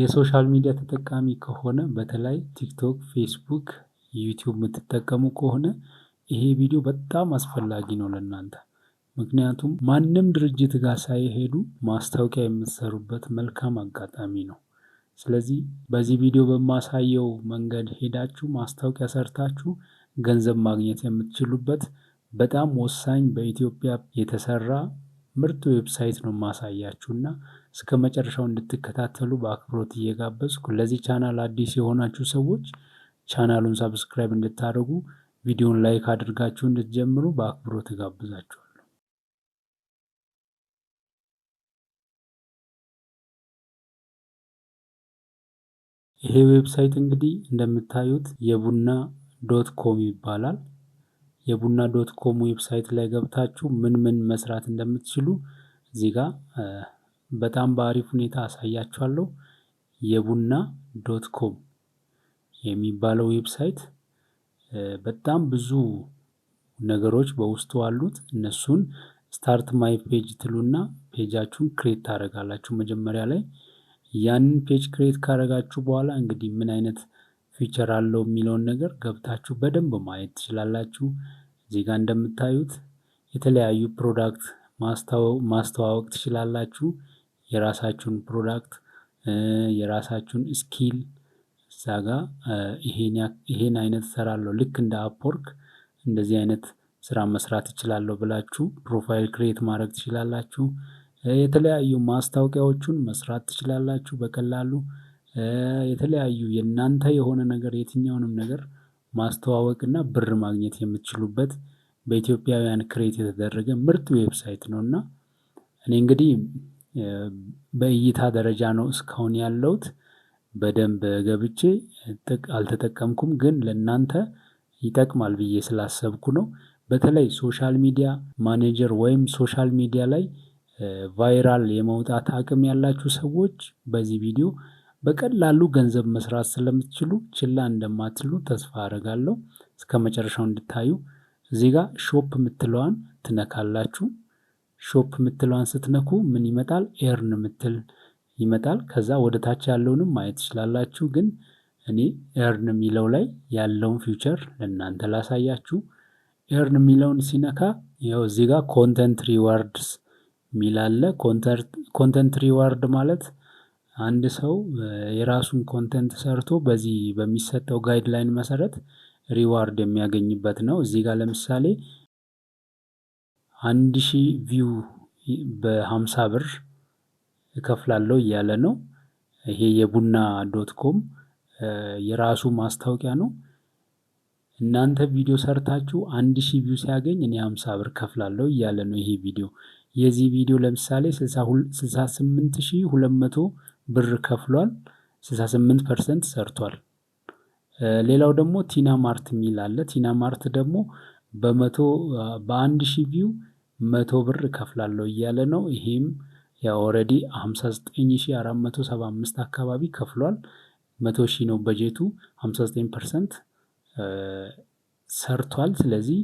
የሶሻል ሚዲያ ተጠቃሚ ከሆነ በተለይ ቲክቶክ ፌስቡክ ዩቲዩብ የምትጠቀሙ ከሆነ ይሄ ቪዲዮ በጣም አስፈላጊ ነው ለእናንተ። ምክንያቱም ማንም ድርጅት ጋር ሳይሄዱ ማስታወቂያ የምትሰሩበት መልካም አጋጣሚ ነው። ስለዚህ በዚህ ቪዲዮ በማሳየው መንገድ ሄዳችሁ ማስታወቂያ ሰርታችሁ ገንዘብ ማግኘት የምትችሉበት በጣም ወሳኝ በኢትዮጵያ የተሰራ ምርጥ ዌብሳይት ነው ማሳያችሁ እና እስከ መጨረሻው እንድትከታተሉ በአክብሮት እየጋበዝኩ ለዚህ ቻናል አዲስ የሆናችሁ ሰዎች ቻናሉን ሳብስክራይብ እንድታደርጉ ቪዲዮን ላይክ አድርጋችሁ እንድትጀምሩ በአክብሮት እጋብዛችኋል። ይሄ ዌብሳይት እንግዲህ እንደምታዩት የቡና ዶት ኮም ይባላል። የቡና ዶት ኮም ዌብሳይት ላይ ገብታችሁ ምን ምን መስራት እንደምትችሉ እዚህ ጋር በጣም በአሪፍ ሁኔታ አሳያችኋለሁ። የቡና ዶት ኮም የሚባለው ዌብሳይት በጣም ብዙ ነገሮች በውስጡ አሉት። እነሱን ስታርት ማይ ፔጅ ትሉና ፔጃችሁን ክሬት ታደርጋላችሁ። መጀመሪያ ላይ ያንን ፔጅ ክሬት ካደረጋችሁ በኋላ እንግዲህ ምን አይነት ፊቸር አለው የሚለውን ነገር ገብታችሁ በደንብ ማየት ትችላላችሁ። እዚህ ጋር እንደምታዩት የተለያዩ ፕሮዳክት ማስተዋወቅ ትችላላችሁ። የራሳችሁን ፕሮዳክት የራሳችሁን ስኪል እዛ ጋ ይሄን አይነት ሰራለሁ ልክ እንደ አፕወርክ እንደዚህ አይነት ስራ መስራት እችላለሁ ብላችሁ ፕሮፋይል ክሬት ማድረግ ትችላላችሁ። የተለያዩ ማስታወቂያዎቹን መስራት ትችላላችሁ በቀላሉ የተለያዩ የእናንተ የሆነ ነገር የትኛውንም ነገር ማስተዋወቅ እና ብር ማግኘት የምትችሉበት በኢትዮጵያውያን ክሬት የተደረገ ምርጥ ዌብሳይት ነው እና እኔ እንግዲህ በእይታ ደረጃ ነው እስካሁን ያለውት በደንብ ገብቼ አልተጠቀምኩም ግን ለእናንተ ይጠቅማል ብዬ ስላሰብኩ ነው። በተለይ ሶሻል ሚዲያ ማኔጀር ወይም ሶሻል ሚዲያ ላይ ቫይራል የመውጣት አቅም ያላችሁ ሰዎች በዚህ ቪዲዮ በቀላሉ ገንዘብ መስራት ስለምትችሉ ችላ እንደማትሉ ተስፋ አደርጋለሁ። እስከ መጨረሻው እንድታዩ እዚህ ጋር ሾፕ የምትለዋን ትነካላችሁ ሾፕ የምትለዋን ስትነኩ ምን ይመጣል? ኤርን የምትል ይመጣል። ከዛ ወደ ታች ያለውንም ማየት ትችላላችሁ። ግን እኔ ኤርን የሚለው ላይ ያለውን ፊውቸር ለእናንተ ላሳያችሁ። ኤርን የሚለውን ሲነካ ያው እዚህ ጋር ኮንተንት ሪዋርድስ የሚል አለ። ኮንተንት ሪዋርድ ማለት አንድ ሰው የራሱን ኮንተንት ሰርቶ በዚህ በሚሰጠው ጋይድላይን መሰረት ሪዋርድ የሚያገኝበት ነው። እዚህ ጋር ለምሳሌ አንድ ሺ ቪው በሀምሳ ብር እከፍላለሁ እያለ ነው። ይሄ የቡና ዶት ኮም የራሱ ማስታወቂያ ነው። እናንተ ቪዲዮ ሰርታችሁ አንድ ሺ ቪው ሲያገኝ እኔ ሃምሳ ብር ከፍላለው እያለ ነው። ይሄ ቪዲዮ የዚህ ቪዲዮ ለምሳሌ ስልሳ ስምንት ሺህ ሁለት መቶ ብር ከፍሏል። 68 ፐርሰንት ሰርቷል። ሌላው ደግሞ ቲና ማርት የሚል አለ። ቲና ማርት ደግሞ በመቶ በአንድ ቪው መቶ ብር እከፍላለሁ እያለ ነው። ይሄም ያው ኦልሬዲ ሀምሳ አካባቢ ከፍሏል። መቶ 1ሺ ነው በጀቱ። 59 ዘጠኝ ፐርሰንት ሰርቷል። ስለዚህ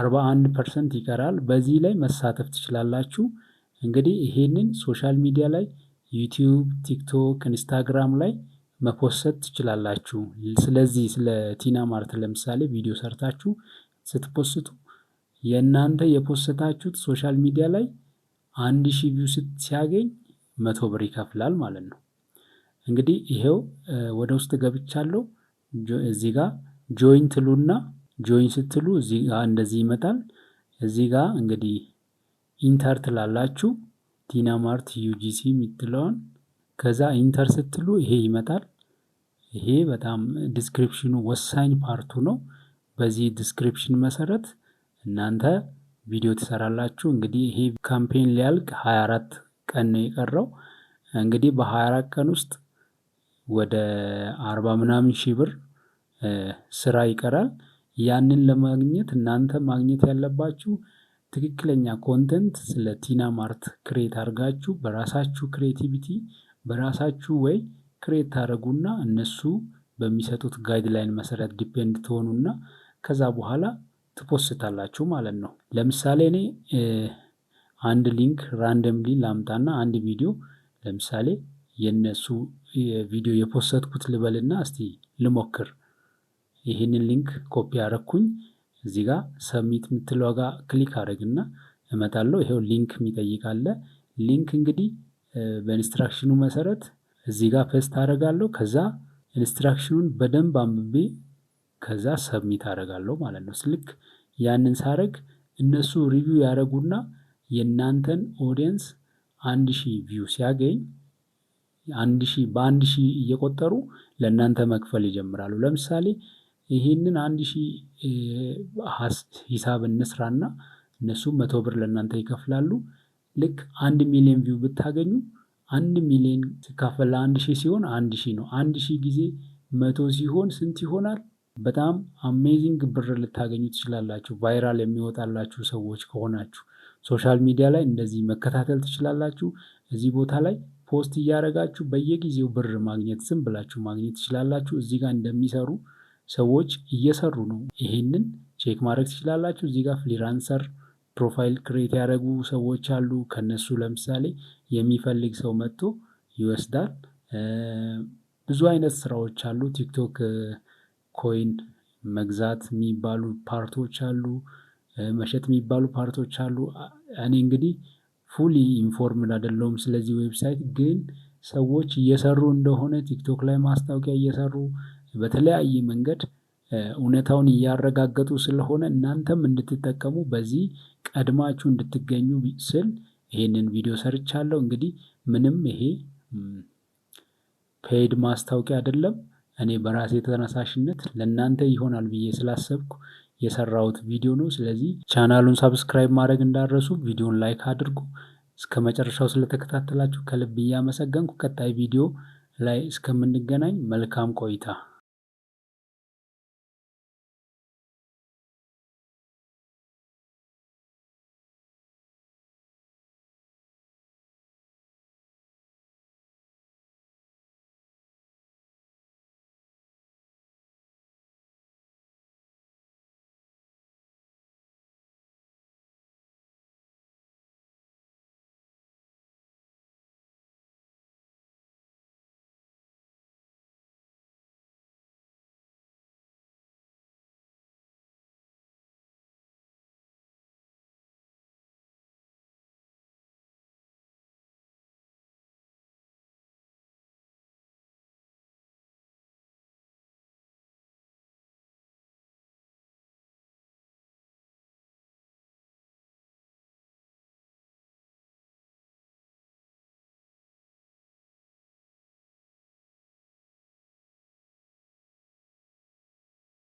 41 አንድ ፐርሰንት ይቀራል። በዚህ ላይ መሳተፍ ትችላላችሁ። እንግዲህ ይሄንን ሶሻል ሚዲያ ላይ ዩቲዩብ፣ ቲክቶክ፣ ኢንስታግራም ላይ መፖሰት ትችላላችሁ። ስለዚህ ስለ ቲና ማርት ለምሳሌ ቪዲዮ ሰርታችሁ ስትፖስቱ የእናንተ የፖስታችሁት ሶሻል ሚዲያ ላይ አንድ ሺ ቪው ሲያገኝ መቶ ብር ይከፍላል ማለት ነው። እንግዲህ ይሄው ወደ ውስጥ ገብቻለሁ። እዚህ ጋ ጆይን ትሉና ጆይን ስትሉ እዚህ ጋር እንደዚህ ይመጣል። እዚህ ጋ እንግዲህ ኢንተር ትላላችሁ ዲናማርት ዩጂሲ የምትለዋን ከዛ ኢንተር ስትሉ ይሄ ይመጣል። ይሄ በጣም ዲስክሪፕሽኑ ወሳኝ ፓርቱ ነው። በዚህ ዲስክሪፕሽን መሰረት እናንተ ቪዲዮ ትሰራላችሁ። እንግዲህ ይሄ ካምፔን ሊያልቅ 24 ቀን ነው የቀረው። እንግዲህ በ24 ቀን ውስጥ ወደ 40 ምናምን ሺህ ብር ስራ ይቀራል። ያንን ለማግኘት እናንተ ማግኘት ያለባችሁ ትክክለኛ ኮንተንት ስለ ቲና ማርት ክሬት አድርጋችሁ በራሳችሁ ክሬቲቪቲ በራሳችሁ ወይ ክሬት ታደረጉና እነሱ በሚሰጡት ጋይድላይን መሰረት ዲፔንድ ትሆኑና ከዛ በኋላ ትፖስታላችሁ ማለት ነው። ለምሳሌ እኔ አንድ ሊንክ ራንደምሊ ላምጣና አንድ ቪዲዮ ለምሳሌ የነሱ ቪዲዮ የፖሰትኩት ልበልና እስቲ ልሞክር። ይህንን ሊንክ ኮፒ አረግኩኝ እዚህ ጋ ሰሚት የምትለዋ ጋ ክሊክ አድረግና እመጣለሁ። ይሄው ሊንክ የሚጠይቃለ ሊንክ እንግዲህ በኢንስትራክሽኑ መሰረት እዚህ ጋር ፐስት አደርጋለሁ። ከዛ ኢንስትራክሽኑን በደንብ አንብቤ ከዛ ሰብሚት አደርጋለሁ ማለት ነው። ስልክ ያንን ሳረግ እነሱ ሪቪው ያደረጉና የእናንተን ኦዲየንስ አንድ ሺህ ቪው ሲያገኝ አንድ ሺህ በአንድ ሺህ እየቆጠሩ ለእናንተ መክፈል ይጀምራሉ። ለምሳሌ ይህንን አንድ ሺህ ሂሳብ እንስራና እነሱ መቶ ብር ለእናንተ ይከፍላሉ። ልክ አንድ ሚሊዮን ቪው ብታገኙ አንድ ሚሊዮን ሲካፈል ለአንድ ሺህ ሲሆን አንድ ሺህ ነው። አንድ ሺህ ጊዜ መቶ ሲሆን ስንት ይሆናል? በጣም አሜዚንግ ብር ልታገኙ ትችላላችሁ ቫይራል የሚወጣላችሁ ሰዎች ከሆናችሁ ሶሻል ሚዲያ ላይ እንደዚህ መከታተል ትችላላችሁ። እዚህ ቦታ ላይ ፖስት እያደረጋችሁ በየጊዜው ብር ማግኘት ዝም ብላችሁ ማግኘት ትችላላችሁ። እዚህ ጋር እንደሚሰሩ ሰዎች እየሰሩ ነው። ይሄንን ቼክ ማድረግ ትችላላችሁ። እዚህ ጋር ፍሪላንሰር ፕሮፋይል ክሬት ያደረጉ ሰዎች አሉ። ከነሱ ለምሳሌ የሚፈልግ ሰው መጥቶ ይወስዳል። ብዙ አይነት ስራዎች አሉ ቲክቶክ ኮይን መግዛት የሚባሉ ፓርቶች አሉ፣ መሸጥ የሚባሉ ፓርቶች አሉ። እኔ እንግዲህ ፉሊ ኢንፎርምድ አይደለሁም ስለዚህ ዌብሳይት ግን ሰዎች እየሰሩ እንደሆነ ቲክቶክ ላይ ማስታወቂያ እየሰሩ በተለያየ መንገድ እውነታውን እያረጋገጡ ስለሆነ እናንተም እንድትጠቀሙ በዚህ ቀድማችሁ እንድትገኙ ስል ይህንን ቪዲዮ ሰርቻለሁ። እንግዲህ ምንም ይሄ ፔድ ማስታወቂያ አይደለም። እኔ በራሴ ተነሳሽነት ለእናንተ ይሆናል ብዬ ስላሰብኩ የሰራሁት ቪዲዮ ነው። ስለዚህ ቻናሉን ሳብስክራይብ ማድረግ እንዳረሱ፣ ቪዲዮን ላይክ አድርጉ። እስከ መጨረሻው ስለተከታተላችሁ ከልብ እያመሰገንኩ ቀጣይ ቪዲዮ ላይ እስከምንገናኝ መልካም ቆይታ